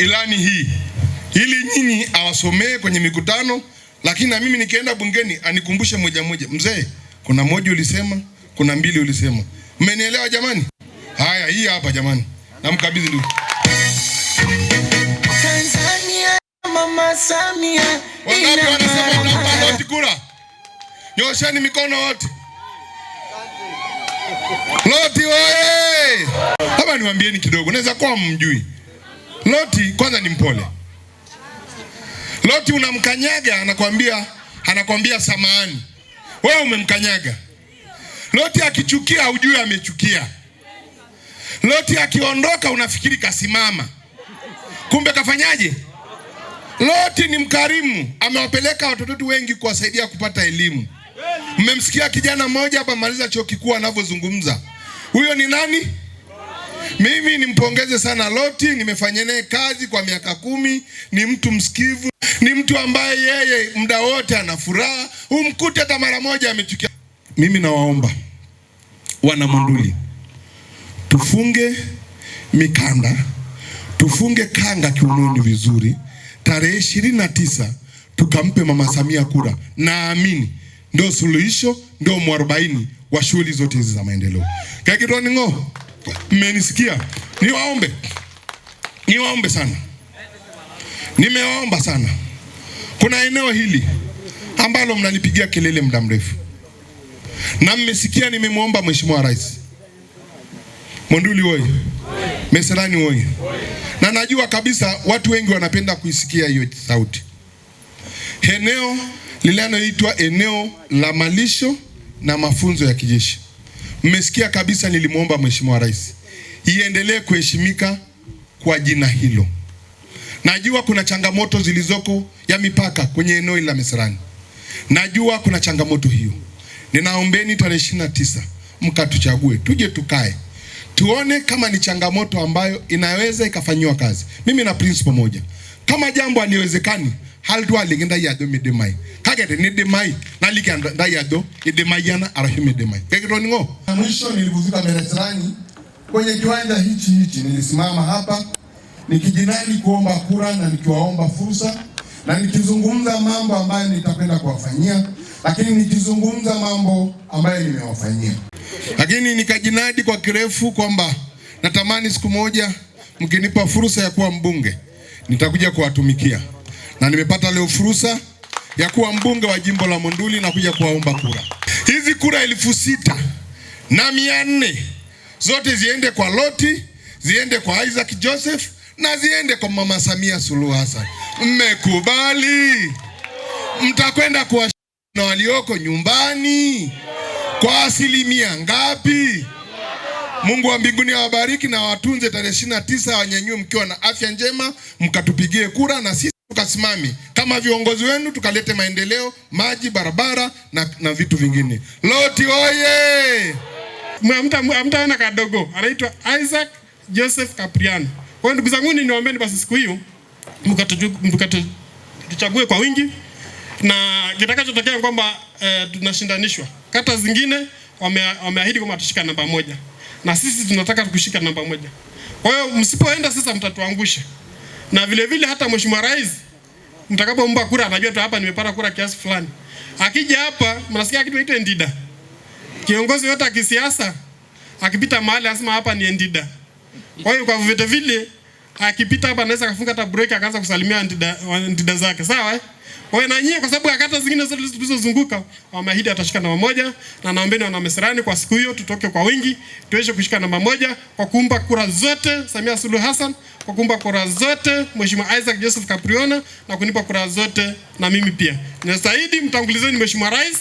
ilani hii ili nyinyi awasomee kwenye mikutano, lakini na mimi nikienda bungeni anikumbushe moja moja, mzee, kuna moja ulisema, kuna mbili ulisema. Mmenielewa jamani? Haya, hii hapa jamani, namkabidhi ndugu Nyosheni mikono wote. Loti wewe! Hapa niwaambieni kidogo, naweza kuwa mjui Loti kwanza ni mpole. Loti unamkanyaga anakwambia, anakwambia samahani, wewe umemkanyaga. Loti akichukia hujui amechukia. Loti akiondoka unafikiri kasimama, kumbe kafanyaje? Loti ni mkarimu, amewapeleka watoto wengi kuwasaidia kupata elimu. Mmemsikia kijana mmoja hapa maliza chuo kikuu anavyozungumza, huyo ni nani? Mimi nimpongeze sana Loti, nimefanya naye kazi kwa miaka kumi. Ni mtu msikivu, ni mtu ambaye yeye muda wote ana furaha, umkute hata mara moja amechukia. Mimi nawaomba wana Monduli, tufunge mikanda, tufunge kanga kiunoni vizuri, tarehe ishirini na tisa tukampe Mama Samia kura. Naamini ndio suluhisho, ndio mwarobaini wa shughuli zote hizi za maendeleo. Kakitwaningo Mmenisikia? Niwaombe, niwaombe sana, nimewaomba sana. Kuna eneo hili ambalo mnanipigia kelele muda mrefu, na mmesikia nimemwomba Mheshimiwa Rais Monduli woye, Meserani woye, na najua kabisa watu wengi wanapenda kuisikia hiyo sauti. Eneo linaloitwa eneo la malisho na mafunzo ya kijeshi Mmesikia kabisa, nilimwomba Mheshimiwa Rais iendelee kuheshimika kwa jina hilo. Najua kuna changamoto zilizoko ya mipaka kwenye eneo la Meserani, najua kuna changamoto hiyo. Ninaombeni tarehe ishirini na tisa mkatuchague tuje tukae tuone kama ni changamoto ambayo inaweza ikafanyiwa kazi. Mimi na principle moja, kama jambo haliwezekani haldwa lingenda ya demai kagete ni demai naliki ndai ajo idimayiana arashu midimai. Kekitoningo mwisho, nilikuzuka Merezani kwenye kiwanja hichi hichi, nilisimama hapa nikijinadi kuomba kura na nikiwaomba fursa na nikizungumza mambo ambayo nitakwenda kuwafanyia, lakini nikizungumza mambo ambayo nimewafanyia, lakini nikajinadi kwa kirefu kwamba natamani siku moja mkinipa fursa ya kuwa mbunge nitakuja kuwatumikia, na nimepata leo fursa ya kuwa mbunge wa jimbo la Monduli na kuja kuwaomba kura. Hizi kura elfu sita na mia nne zote ziende kwa Loti, ziende kwa Isaac Joseph na ziende kwa Mama Samia Suluhu Hassan. Mmekubali? Mtakwenda kuwa na walioko nyumbani kwa asilimia ngapi? Mungu wa mbinguni awabariki na watunze. Tarehe ishirini na tisa wanyanyue mkiwa na afya njema, mkatupigie kura na sisi tukasimame kama viongozi wenu tukalete maendeleo, maji, barabara na, na vitu vingine. Loti oye! Mtaona kadogo anaitwa Isaac Joseph Capriano. Kwa hiyo ndugu zangu, niwaombeni basi siku hiyo mkatuchague kwa wingi, na kitakachotokea kwamba eh, tunashindanishwa. Kata zingine wameahidi kwamba tutashika namba moja na sisi tunataka kushika namba moja. Kwa hiyo msipoenda sasa, mtatuangusha na vilevile vile hata Mheshimiwa Rais mtakapomba kura anajua tu hapa nimepata kura kiasi fulani. Akija hapa mnasikia kitu kinaitwa ndida. Kiongozi yote akisiasa akipita mahali lazima hapa ni ndida. Kwa hiyo kwa vyote vile akipita hapa anaweza kafunga hata break akaanza kusalimia antida, antida zake sawa eh? Wewe na nyie, kwa sababu akata zingine zote zilizozunguka wamehidi atashika namba moja, na naombeni wana Misrani kwa siku hiyo tutoke kwa wingi tuweze kushika namba moja kwa kuumba kura zote Samia Suluhu Hassan, kwa kuumba kura zote Mheshimiwa Isaac Joseph Capriona na kunipa kura zote na mimi pia. Na zaidi mtangulizeni Mheshimiwa Rais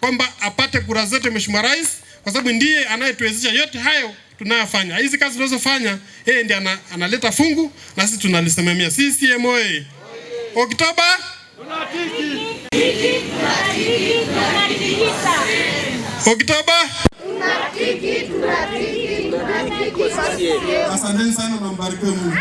kwamba apate kura zote Mheshimiwa Rais kwa sababu ndiye anayetuwezesha yote hayo tunayofanya hizi kazi tunazofanya, yeye ndiye ana, fungu na sisi tunalisimamia. CCM oyee! Oktoba tunatiki, Oktoba Asanteni sana na mbarikiwe Mungu.